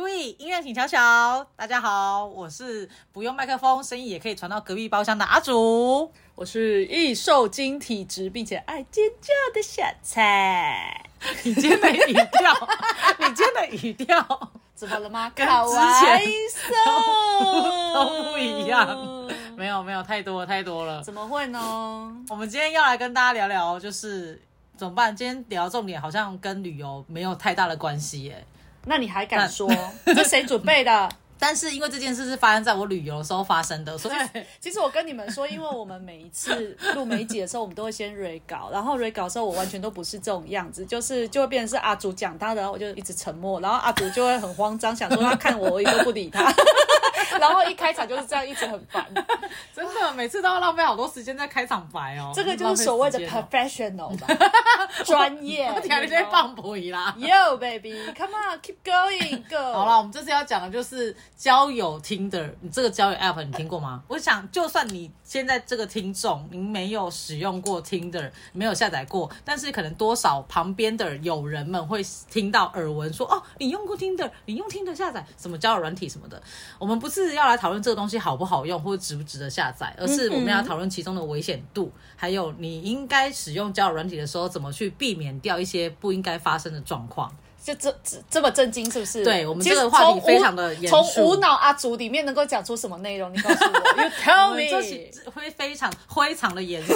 注意，音樂請調小。大家好，我是不用麥克風，聲音也可以傳到隔壁包廂的阿祖。我是易瘦、晶體質，並且愛尖叫的小蔡。 你今天的語調， 你今天的語調怎麼了嗎？跟之前 都不一樣。 沒有沒有，太多太多了。怎麼會呢？ 我們今天要來跟大家聊聊，就是怎麼辦？今天聊重點好像跟旅遊沒有太大的關係耶。那你還敢說這誰 準備的？但是因為這件事是發生在我旅遊的時候發生的，所以、就是、 其實我跟你們說，因為我們每一次錄每集的時候，我們都會先 re 稿然後 re 稿的時候，我完全都不是這種樣子，就是就會變成是阿竹講他的，然後我就一直沉默，然後阿竹就會很慌張， 想說他看我，我也都不理他。 然後一開場就是這樣，一直很煩， 真的，每次都要浪費好多時間在開場白哦。這個就是所謂的 professional 吧、哦， 專業。 我天天放屁啦。我 you know. Yo, baby, come on, keep going, go. 好了，我們這次要講的就是交友 Tinder，你這個交友 App 你聽過嗎？ 我想，就算你現在這個聽眾你沒有使用過 Tinder，沒，沒有下載過，但是可能多少旁邊的友人們會聽到耳聞說，哦，你用過 Tinder，你用 Tinder 下載什麼交友軟體什麼的。我們不是。是要來討論這個東西好不好用，或者值不值得下載，而是我們要討論其中的危險度，嗯嗯，還有你應該使用交友軟體的時候，怎麼去避免掉一些不應該發生的狀況。就這就這麼震驚是不是？對，我們這個話題非常的嚴肅。從無腦阿祖裡面能夠講出什麼內容？你告訴我，You tell me. 我們這是會非常非常的嚴肅。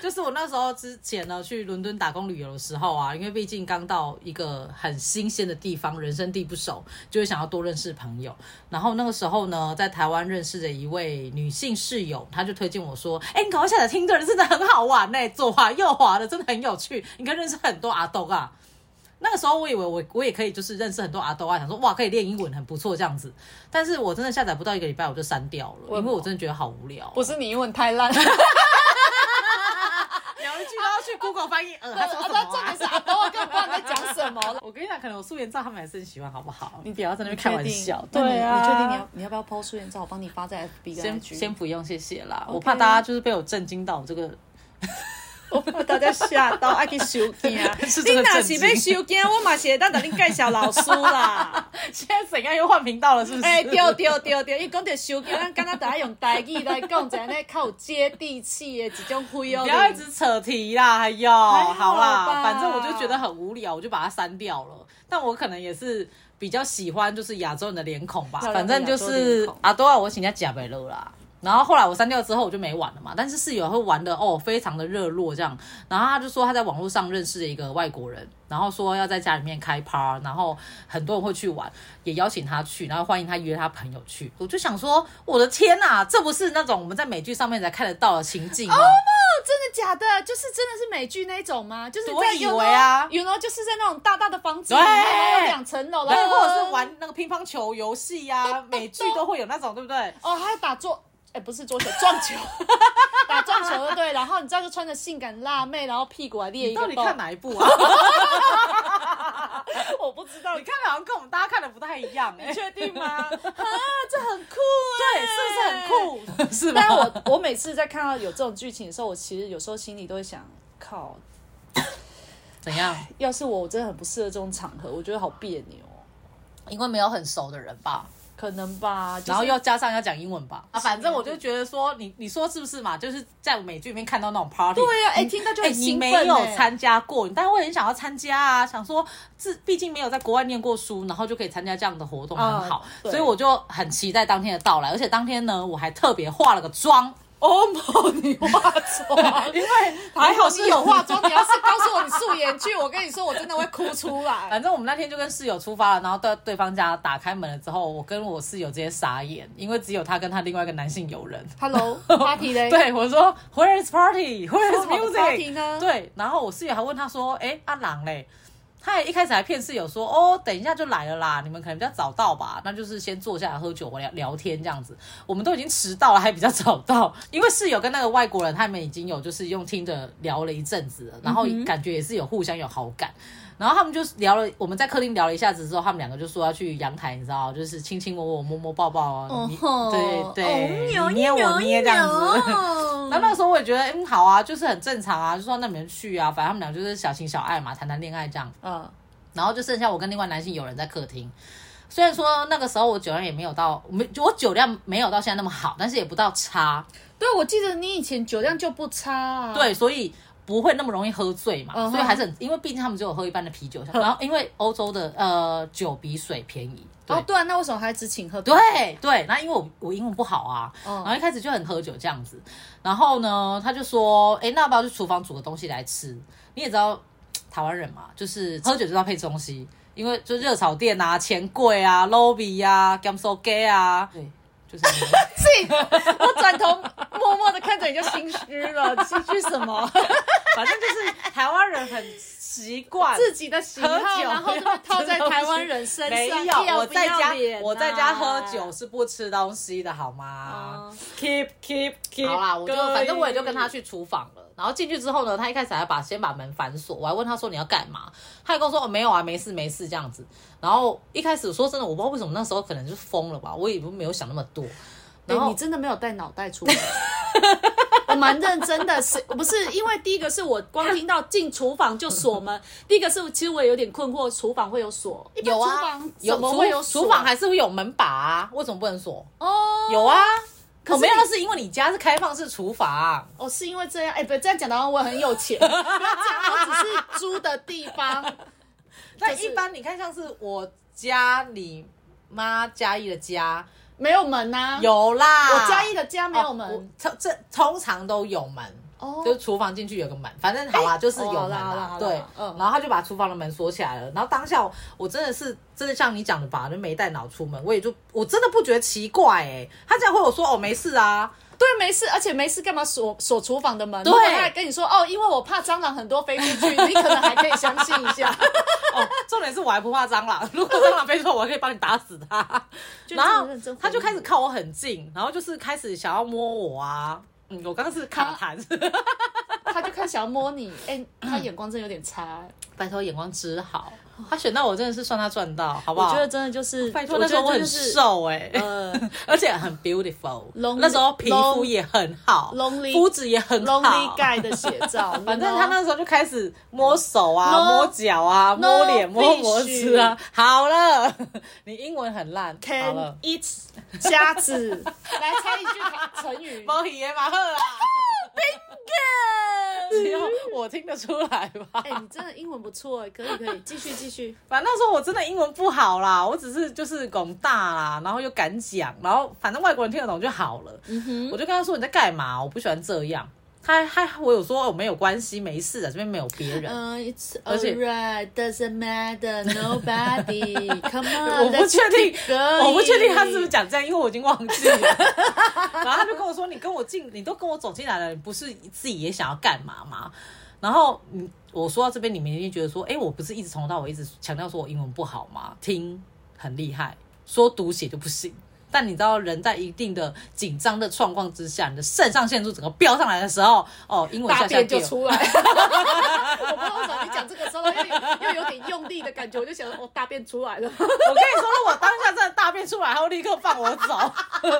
就是我那時候之前呢，去倫敦打工旅遊的時候啊，因為畢竟剛到一個很新鮮的地方，人生地不熟，就會想要多認識朋友。然後那個時候呢，在台灣認識的一位女性室友，她就推薦我說：“哎、欸，你趕快下載 Tinder，真的很好玩呢、欸，左滑右滑的，真的很有趣，你可以認識很多阿斗啊。”那個時候我以為我我也可以就是認識很多阿豆啊，想說哇可以練英文很不錯這樣子，但是我真的下載不到一個禮拜我就刪掉了，因為我真的覺得好無聊。不是你英文太爛了，聊一句都要去 Google 翻譯，呃，他在做啥？等我跟我伴在講什麼？我跟你講，可能我素顏照他們還是很喜歡，好不好？你不要在那邊開玩笑。對啊，你確定你要你要不要拋素顏照？我幫你發在 FB。先先不用，謝謝啦，我怕大家就是被我震驚到這個。我被 大家嚇到，愛去收驚啊。你那是要收驚，我嘛是當當你介紹老師啦。 現在怎樣又換頻道了？是不是？哎、欸，對對對對，伊講到收驚，咱剛剛大家用台語來講，一下呢，靠接地氣的一種氛圍。你不要一直扯題啦，哎呦，好啦，好吧 反正我就覺得很無聊，我就把它刪掉了。但我可能也是比較喜歡就是亞洲人的臉孔吧，孔反正就是阿多啊，我現在吃不落啦。然後後來我刪掉之後我就沒玩了嘛，但是室友會玩的哦，非常的熱絡這樣。然後他就說他在網絡上認識了一個外國人，然後說要在家裡面開趴，然後很多人會去玩，也邀請他去，然後歡迎他約他朋友去。我就想說，我的天哪、啊，這不是那種我們在美劇上面才看得到的情景哦，oh、no, 真的假的？就是真的是美劇那種嗎？就是、在我在以為啊，有 you know, 就是在那種大大的房子，對然後有兩層樓然後,然後或者是玩那個乒乓球遊戲呀、啊，哎哎、美劇都會有那種，對不對？哦，oh, 還打坐。哎，欸、不是桌球，撞球， 打撞球就對，然後你知道是穿着性感辣妹，然後屁股還裂一個洞。你到底看哪一部啊？ 我不知道，你看的好像跟我們大家看的不太一樣、欸，你確定嗎？哈、 啊、這很酷啊、欸。對，是不是很酷？是嗎。但我我每次在看到有這種劇情的時候，我其實有時候心裡都會想，靠，怎樣？要是我，我真的很不適合這種場合，我覺得好彆扭，因為沒有很熟的人吧。可能吧，就是、然後要加上要講英文吧啊，反正我就覺得說你你說是不是嘛？就是在美劇裡面看到那種 party，對呀、啊，哎、欸，嗯、聽到就很興奮、欸。你沒有參加過，你當然會很想要參加啊，想說自畢竟沒有在國外念過書，然後就可以參加這樣的活動很好，嗯、所以我就很期待當天的到來。而且當天呢，我還特別化了個妝。哦不，你化妝，因為還好是有化妝。 你要是告訴我你素顏去， 我跟你說我真的會哭出來。反正我們那天就跟室友出發了，然後到對,對方家打開門了之後，我跟我室友直接傻眼，因為只有他跟他另外一個男性友人。Hello，Party 嘞？ 對，我說 Where is Party？Where is music？、Oh, 好好 party 呢？對，然後我室友還問他說：“哎、欸，阿、啊、郎，嘞？”他也一開始還騙室友說：“哦，等一下就來了啦，你們可能比較早到吧？那就是先坐下來喝酒，聊聊天這樣子。我們都已經遲到了，還比較早到，因為室友跟那個外國人他們已經有就是用聽着聊了一陣子了，然後感覺也是有互相有好感。”然後他們就聊了，我們在客廳聊了一下子之後，他們兩個就說要去陽台，你知道，就是卿卿我我，摸摸抱抱啊，啊對、oh, 對，對 oh, 捏我捏、oh, 這樣子。Oh. 然後那那時候我也覺得，嗯、欸，好啊，就是很正常啊，就說那你們去啊，反正他們倆就是小情小愛嘛，談談戀愛這樣。嗯，oh. 然後就剩下我跟另外男性友人在客廳。雖然說那個時候我酒量也沒有到，我沒我酒量沒有到現在那麼好，但是也不到差。對，我記得你以前酒量就不差、啊、對，所以。不會那麼容易喝醉嘛，嗯、哼所以還是很，因為畢竟他們只有喝一般的啤酒，然後因為歐洲的呃酒比水便宜，對哦對啊，那為什麼還只請喝酒對？對對，那因為我我英文不好啊，嗯、然後一開始就很喝酒這樣子，然後呢他就說，哎、欸，那要不要去廚房煮個東西來吃？你也知道台灣人嘛，就是喝酒就要配東西，因為就熱炒店啊、錢櫃啊、滷味啊、鹹酥雞啊，對。是， 是，我轉頭默默的看着你就心虛了，心虛什麼？ 反正就是台灣人很。習慣自己的喜好，酒然後就套在台灣人身上。有，要要啊、我在家我在家喝酒是不吃東西的，好嗎、嗯、？Keep keep keep。好啦，我就位反正我也就跟他去廚房了。然後進去之後呢，他一開始還把先把門反鎖，我還問他說，你要幹嘛，他還跟我說、哦、沒有啊，沒事沒事這樣子。然後一開始說真的，我不知道為什麼那時候可能就瘋了吧，我也不沒有想那麼多。哎、欸，你真的沒有帶腦袋出門。 我蠻認真的，是不是？因為第一個是我光聽到進廚房就鎖門。 第一個是，其實我也有點困惑，廚房會有鎖？有啊，會有廚廚房還是會有門把、啊，為什麼不能鎖？哦，有啊，可、哦、沒有，是因為你家是開放式廚房、啊。哦，是因為這樣？哎、欸，不這樣講的話，我很有錢。哈哈哈哈哈。我只是租的地方。那 一般你看，像是我家你媽嘉義的家。沒有門吶、啊，有啦我，我嘉義的家沒有門，哦、通這通常都有門，oh. 就廚房進去有個門，反正好啊，oh. 就是有門的、啊，oh. 對，然後他就把廚房的門鎖起來了，然後當下我,我真的是真的像你講的吧，就沒帶腦出門，我也就我真的不覺得奇怪誒、欸、他這樣回我說哦沒事啊。對，沒事，而且沒事幹嘛鎖鎖廚房的門？對，如果他還跟你說哦，因為我怕蟑螂很多飛出去，你可能還可以相信一下、 哦。重點是我還不怕蟑螂，如果蟑螂飛出來，我還可以幫你打死它。 然後就真真他就開始靠我很近，然後就是開始想要摸我啊。嗯，我剛剛是卡痰，他就開始想要摸你。哎，他眼光真有點差，嗯、拜託眼光真好。他選到我真的是算他賺到，好不好？我覺得真的就是，拜托那時候我很瘦哎，而且很 beautiful，那時候皮膚也很好，鬍子也很好，lonely guy 的寫照。反正他那時候就開始摸手啊，摸腳啊，摸臉摸脖子啊。好了，你英文很爛，can eat 鴨子，來猜一句成語。毛爺馬赫啊，bingo！只有我聽得出來吧？哎，你真的英文不錯，可以可以繼續繼續。反正那時候我真的英文不好啦，我只是就是講大啦，然後又敢講，然後反正外國人聽得懂就好了。Mm hmm. 我就跟他說你在幹嘛，我不喜歡這樣。他還我有說哦沒有關係，沒事的，這邊沒有別人。嗯、uh,，It's alright, 且 doesn't matter, nobody come on. 我不確定，我不確定他是不是講這樣，因為我已經忘記了。 然後他就跟我說你跟我進，你都跟我走進來了，你不是自己也想要幹嘛嗎？然後嗯。我說到這邊，你們一定覺得說，哎、欸，我不是一直從頭到尾一直強調說我英文不好嗎？聽很厲害，說讀寫就不行。但你知道，人在一定的緊張的狀況之下，你的腎上腺素整個飆上來的時候，哦，英文笑笑大便就出來了。 我不知道你講這個時候又，又又有點用力的感覺，我就想說，我、哦、大便出來了。 我跟你說，了我當下真的大便出來，還要立刻放我走，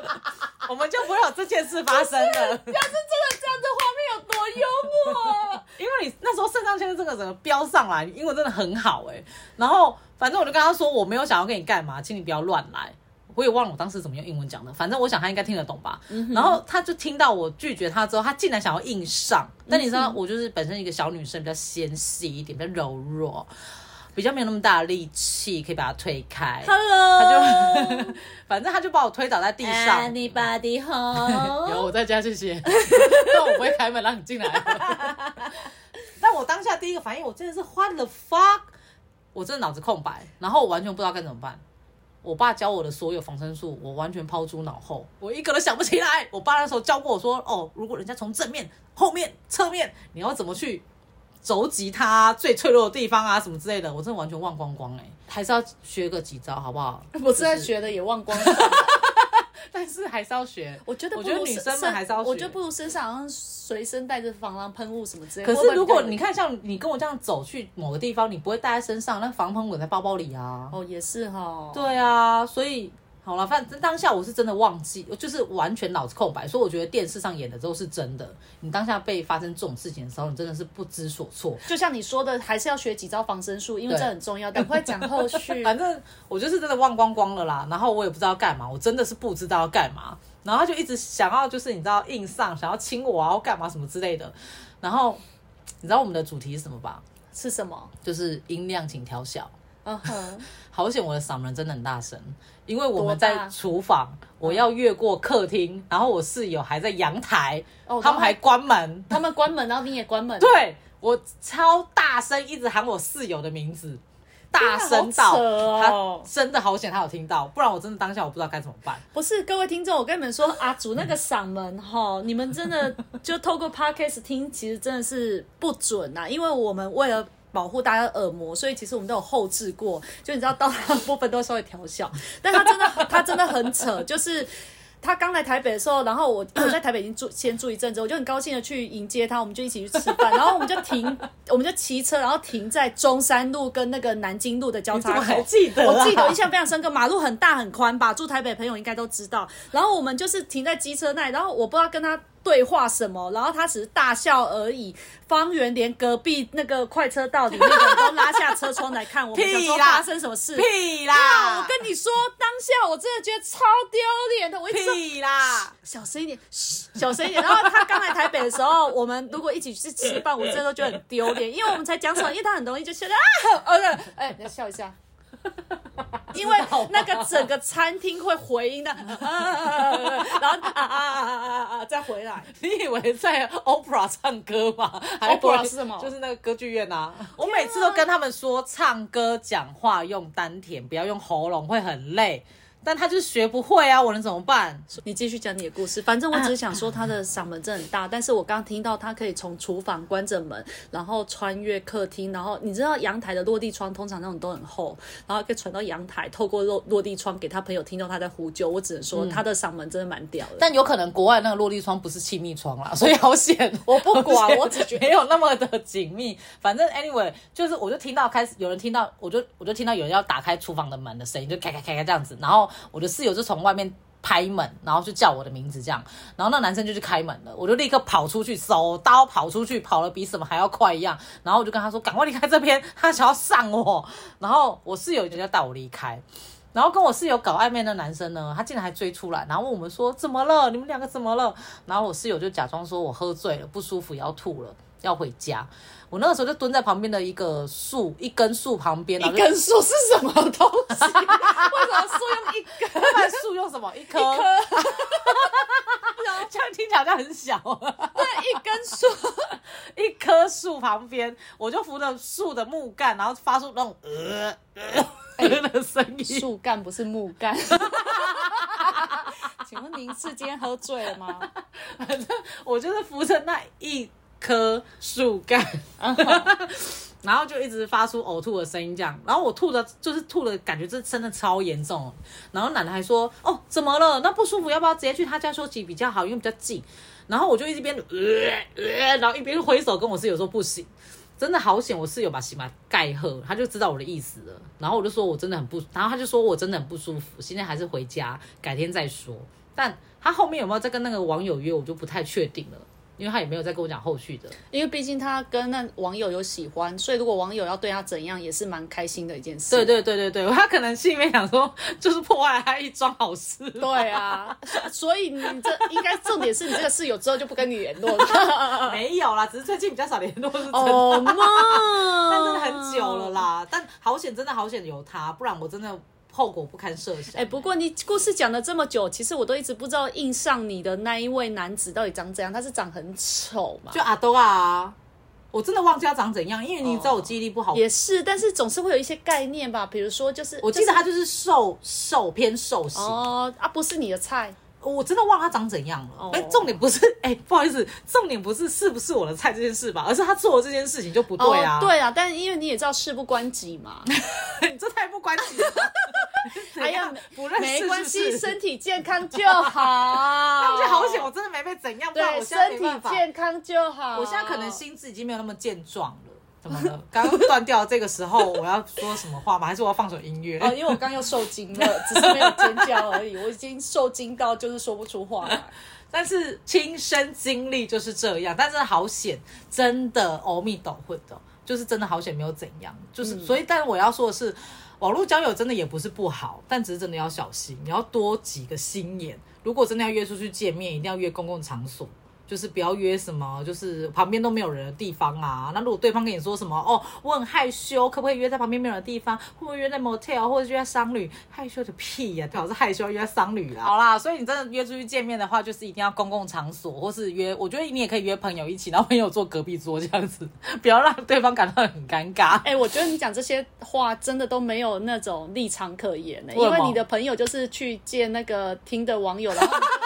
我們就不會有這件事發生了。就是、要是這個這樣的畫面有多幽默、啊。 因為你那時候腎上腺素這個整個飆上來，英文真的很好哎、欸。然後反正我就跟他說，我沒有想要跟你幹嘛，請你不要亂來。我也忘了我當時怎麼用英文講的，反正我想他應該聽得懂吧。嗯、哼然後他就聽到我拒絕他之後，他竟然想要硬上。但你知道，我就是本身一個小女生，比較纖細一點，比較柔弱，比較沒有那麼大的力氣可以把他推開。Hello，他就反正他就把我推倒在地上。Anybody home? 有我在家這些，謝謝 但我不會開門讓你進來。 但我當下第一個反應，我真的是 What the fuck，我真的腦子空白，然後我完全不知道該怎麼辦。我爸教我的所有防身術，我完全拋諸腦後，我一個都想不起來。我爸那時候教過我說：“哦，如果人家從正面、後面、側面，你要怎麼去，肘擊他最脆弱的地方啊，什麼之類的。”我真的完全忘光光哎、欸，還是要學個幾招好不好？我現在學的也忘光了。 但是還是要學，我覺得不如我覺得女生們還是要學，我覺得不如身上好像隨身帶着防狼噴霧什麼之類的。可是如果你看像你跟我這樣走去某個地方，你不會帶在身上，那防狼噴霧在包包裡啊？哦，也是哈、哦，對啊，所以。好了，反正當下我是真的忘記，就是完全腦子空白，所以我覺得電視上演的都是真的。你當下被發生這種事情的時候，你真的是不知所措。就像你說的，還是要學幾招防身術，因為這很重要。等會講後續。 反正我就是真的忘光光了啦，然後我也不知道幹嘛，我真的是不知道要幹嘛，然後就一直想要，就是你知道，硬上，想要親我啊，要幹嘛什麼之類的。然後你知道我們的主題是什麼吧？是什麼？就是音量請調小。嗯哼，uh huh. 好險我的嗓門真的很大聲，因為我們在廚房，多大？我要越過客廳，嗯、然後我室友還在陽台，oh, 他們還關門，他們關門，然後你也關門，對我超大聲一直喊我室友的名字，大聲到，哦、他真的好險他有聽到，不然我真的當下我不知道該怎麼辦。不是各位聽眾，我跟你們說，阿竹那個嗓門、嗯、吼，你們真的就透過 podcast 聽，其實真的是不準吶、啊，因為我們為了。保護大家的耳膜，所以其實我們都有後製過，就你知道，到他的部分都稍微調小， 但他真的，他真的很扯，就是他剛來台北的時候，然後我我在台北已經住 先住一陣子，我就很高興的去迎接他，我們就一起去吃飯，然後我們就停， 我們就騎車，然後停在中山路跟那個南京路的交叉口，記我記得我記得印象非常深刻，馬路很大很寬吧，住台北的朋友應該都知道，然後我們就是停在機車那裡，然後我不知道跟他。對話什麼？然後他只是大笑而已。方圓連隔壁那個快車道裡面的都拉下車窗來看，我們想說發生什麼事？屁啦！啊！我跟你說，當下我真的覺得超丟臉的。我一屁啦！小聲一點，噓，小聲一點。然後他剛來台北的時候， 我們如果一起去吃飯，我真的都覺得很丟臉，因為我們才講什麼？因為他很容易就笑。啊，哦對，哎、欸，你笑一下。因為那個整個餐廳會回音的，然後啊啊啊啊啊，再回來。你以為在 Opera 唱歌嗎？還 Opera 是什麼？就是那個歌劇院啊！我每次都跟他們說，唱歌講話用丹田，不要用喉嚨，會很累。但他就學不會啊！我能怎麼辦？你繼續講你的故事。反正我只想說他的嗓門真的很大。啊啊、但是我剛剛聽到他可以從廚房關着門，然後穿越客廳，然後你知道陽台的落地窗通常那種都很厚，然後可以傳到陽台，透過落落地窗給他朋友聽到他在呼救。我只能說、嗯、他的嗓門真的蠻屌的。但有可能國外那個落地窗不是氣密窗啦，所以好險。我不管，好險、我只覺得沒有那麼的緊密。反正 anyway 就是我就聽到開始有人聽到，我就我就聽到有人要打開廚房的門的聲音，就開開開開這樣子，然後。我的室友就從外面拍門，然後就叫我的名字這樣，然後那男生就去開門了，我就立刻跑出去，手刀跑出去，跑得比什麼還要快一樣，然後我就跟他說趕快離開這邊，他想要上我，然後我室友就帶我離開，然後跟我室友搞曖昧的男生呢，他竟然還追出來，然後問我們說怎麼了，你們兩個怎麼了？然後我室友就假裝說我喝醉了，不舒服，也要吐了，要回家。我那個時候就蹲在旁邊的一個樹，一根樹旁邊。一根樹是什麼東西？為什麼樹用一根？樹用什麼？一棵。這樣棵 聽起來就很小啊。對，一根樹，一棵樹旁邊，我就扶着樹的木幹，然後發出那種呃呃的聲音。樹幹、欸、不是木幹。 請問您是今天喝醉了嗎？反正 我就是扶着那一棵樹幹，科 然後就一直發出嘔吐的聲音，這樣。然後我吐的，就是吐的感覺，這真的超嚴重。然後奶奶還說：“哦，怎麼了？那不舒服，要不要直接去他家休息比較好？因為比較近。”然後我就一邊呃呃，然後一邊揮手跟我室友說：“不行，真的好險！”我室友把喜馬蓋喝，他就知道我的意思了。然後我就說我真的很不，然後他就說我真的很不舒服，現在還是回家，改天再說。但他後面有沒有在跟那個網友約，我就不太確定了。因為他也沒有再跟我講後續的，因為畢竟他跟那網友有喜歡，所以如果網友要對他怎樣，也是蠻開心的一件事。對對對對對，他可能心裡面想說，就是破壞了他一樁好事。對啊，所以你這 應該重點是你這個室友之後就不跟你聯絡了。 沒有啦，只是最近比較少聯絡是真的，oh, man. 但真的很久了啦。但好險，真的好險有他，不然我真的。後果不堪設想。哎、欸，不過你故事講了這麼久，其實我都一直不知道印上你的那一位男子到底長怎樣。他是長很醜嘛。就阿多啊，我真的忘記他長怎樣，因為你知道我記憶力不好、哦。也是，但是總是會有一些概念吧。比如說、就是，就是我記得他就是瘦瘦偏瘦型哦，啊，不是你的菜。我真的忘了他長怎樣了。哎，oh. 重點不是，哎、欸，不好意思，重點不是是不是我的菜這件事吧，而是他做的這件事情就不對啊。Oh, 對啊，但是因為你也知道事不關己嘛，你這 太不關己了。 樣哎呀，不認識是不是？沒關係，身體健康就好。那我 好險，我真的沒被怎樣。我對，身體健康就好。我現在可能心智已經沒有那麼健壯了。怎麼了？剛斷掉這個時候，我要說什麼話嗎？ 還是我要放首音樂？哦，因為我剛又受驚了， 只是沒有尖叫而已。我已經受驚到就是說不出話了。但是親身經歷就是這樣。但是好險，真的，阿彌陀佛的，就是真的好險，沒有怎樣。就是、嗯、所以，但我要說的是，網絡交友真的也不是不好，但只是真的要小心，你要多幾個心眼。如果真的要約出去見面，一定要約公共場所。就是不要約什麼，就是旁邊都沒有人的地方啊。那如果對方跟你說什麼哦，我很害羞，可不可以約在旁邊沒有人的地方？會不會約在 motel，或者約在商旅？害羞的屁呀、啊，他老是害羞約在商旅啦、啊。 好啦，所以你真的約出去見面的話，就是一定要公共場所，或是約。我覺得你也可以約朋友一起，然後朋友坐隔壁桌這樣子，不要讓對方感到很尷尬。哎、欸，我覺得你講這些話真的都沒有那種立場可言呢、欸，為因為你的朋友就是去見那個聽的網友了。然後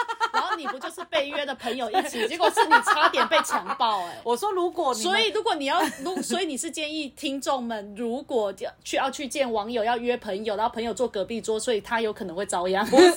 你不就是被約的朋友一起，結果是你差點被強暴哎、欸！我說如果，所以如果你要如果，所以你是建議聽眾們，如果要去要去見網友要約朋友，然後朋友坐隔壁桌，所以他有可能會遭殃。不是，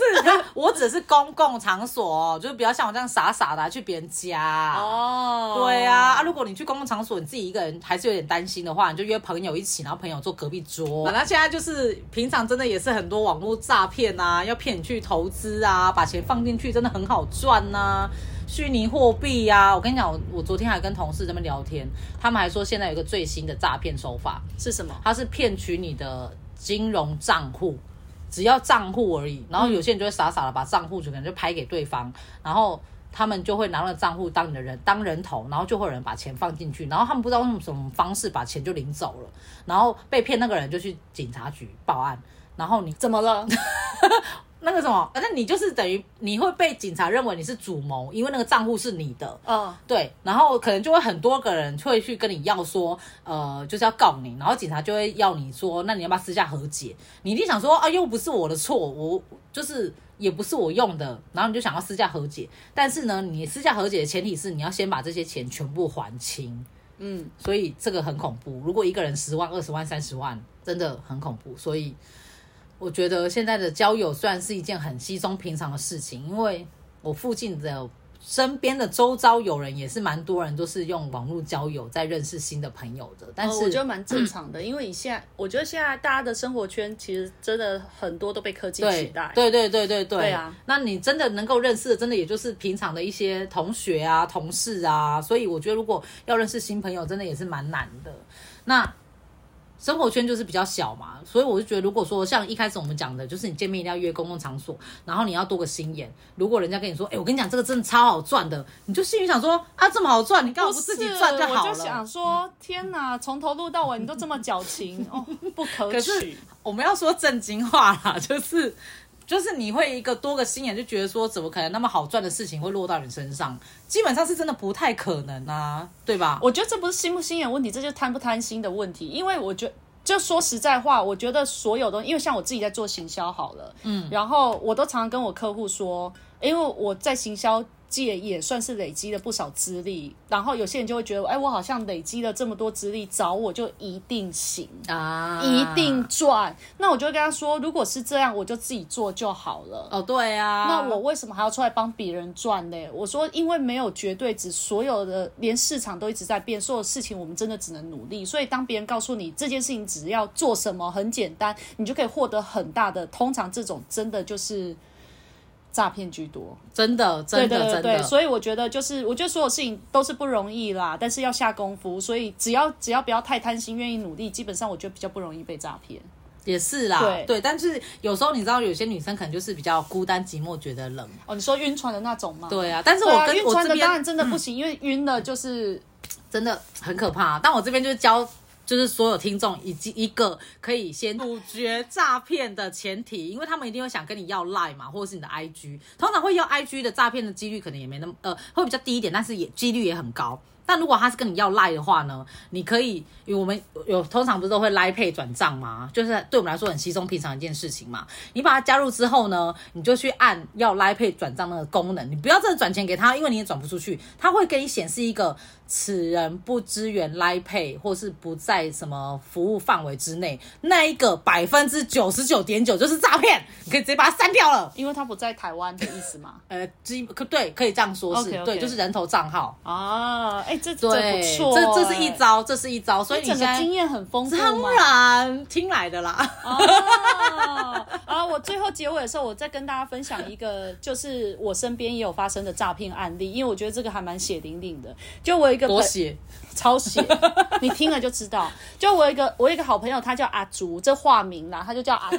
我只是公共場所、哦，就是不要像我這樣傻傻的去別人家哦。Oh. 對啊，啊，如果你去公共場所，你自己一個人還是有點擔心的話，你就約朋友一起，然後朋友坐隔壁桌。那然後現在就是平常真的也是很多網絡詐騙啊，要騙你去投資啊，把錢放進去，真的很好。賺吶、啊，虛擬貨幣呀、啊！我跟你講，我我昨天還跟同事在那聊天，他們還說現在有一個最新的詐騙手法是什麼？他是騙取你的金融賬戶，只要賬戶而已。然後有些人就會傻傻的把賬戶就可能就拍給對方，嗯、然後他們就會拿了賬戶當你的人當人頭，然後就會有人把錢放進去，然後他們不知道用什麼方式把錢就領走了，然後被騙那個人就去警察局報案，然後你怎麼了？ 那個什麼，反正你就是等於你會被警察認為你是主謀，因為那個賬戶是你的。啊、哦，對，然後可能就會很多個人會去跟你要說，呃，就是要告你，然後警察就會要你說，那你要不要私下和解？你一定想說啊，又、哎、不是我的錯，我就是也不是我用的，然後你就想要私下和解。但是呢，你私下和解的前提是你要先把這些錢全部還清。嗯，所以這個很恐怖。如果一個人十萬、二十萬、三十萬，真的很恐怖。所以。我覺得現在的交友算是一件很稀鬆平常的事情，因為我附近的、身邊的、周遭友人也是蠻多人都是用網絡交友在認識新的朋友的。但是我覺得蠻正常的， 因為你現在，我覺得現在大家的生活圈其實真的很多都被科技取代。對對對對對。對啊，那你真的能夠認識的，真的也就是平常的一些同學啊、同事啊，所以我覺得如果要認識新朋友，真的也是蠻難的。那。生活圈就是比較小嘛，所以我就覺得，如果說像一開始我們講的，就是你見面一定要約公共場所，然後你要多個心眼。如果人家跟你說，哎、欸，我跟你講這個真的超好賺的，你就心裡想說啊，這麼好賺，你幹嘛不自己賺就好了？我就想說，天哪，從頭錄到尾，你都這麼矯情、 哦，不可取。可是我們要說正經話啦，就是。就是你會一個多個心眼，就覺得說怎麼可能那麼好賺的事情會落到你身上？基本上是真的不太可能啊，對吧？我覺得這不是心不心眼問題，這就是貪不貪心的問題。因為我覺得，就說實在話，我覺得所有東西，因為像我自己在做行銷好了，嗯，然後我都常常跟我客戶說，因為我在行銷界也算是累積了不少資歷，然後有些人就會覺得，哎、欸，我好像累積了這麼多資歷，找我就一定行啊，一定賺。那我就會跟他說，如果是這樣，我就自己做就好了。哦，對啊，那我為什麼還要出來幫別人賺呢？我說，因為沒有絕對值，只所有的連市場都一直在變，所有事情我們真的只能努力。所以當別人告訴你這件事情只要做什麼很簡單，你就可以獲得很大的，通常這種真的就是。詐騙居多，真的，真的，對對對對真的，所以我覺得就是，我覺得所有事情都是不容易啦，但是要下功夫，所以只要只要不要太貪心，願意努力，基本上我覺得比較不容易被詐騙。也是啦，對，對，但是有時候你知道，有些女生可能就是比較孤單寂寞，覺得冷。哦，你說暈船的那種嗎？對啊，但是我跟暈船的當然真的不行，嗯，因為暈了就是真的很可怕。但我這邊就是教。就是所有聽眾以及一個可以先杜絕詐騙的前提，因為他們一定會想跟你要賴嘛，或者是你的 I G，通常會要 I G 的詐騙的幾率可能也沒那麼呃，會比較低一點，但是也幾率也很高。那如果他是跟你要賴的話呢？你可以，因為我們有通常不是都會 LINE Pay 轉賬嗎？就是對我們來說很稀鬆平常一件事情嘛。你把他加入之後呢，你就去按要 LINE Pay 轉賬那個功能，你不要真的轉錢給他，因為你也轉不出去，他會給你顯示一個此人不支援 LINE Pay，或是不在什麼服務範圍之內，那一個百分之九十九點九就是詐騙，你可以直接把他刪掉了，因為他不在台灣的意思嘛。 呃，基可對，可以這樣說是 okay, okay. 對，就是人頭賬號啊，哎。這這不錯，欸，這這是一招，這是一招，所以你的經驗很豐富。當然聽來的啦。啊、oh, 我最後結尾的時候，我再跟大家分享一個，就是我身邊也有發生的詐騙案例，因為我覺得這個還蠻血淋淋的。就我有一個多血，超血，你聽了就知道。就我有一個，我有一個好朋友，他叫阿竹，這化名啦，他就叫阿竹。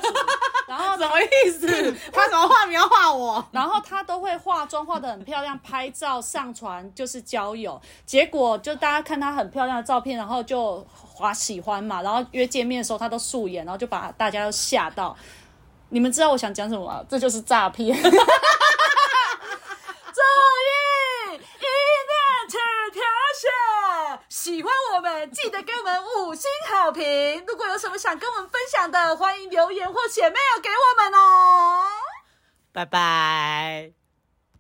然後什麼意思？他怎麼畫你要畫我？然後他都會化妝，化的很漂亮，拍照上傳就是交友。結果就大家看他很漂亮的照片，然後就劃喜歡嘛。然後約見面的時候，他都素顏，然後就把大家都嚇到。你們知道我想講什麼嗎？這就是詐騙。注意，一念起，飄雪。喜歡我們，記得給我們五星好評。如果有什麼想跟我們分享的，歡迎留言或寫 mail 給我們哦。拜拜。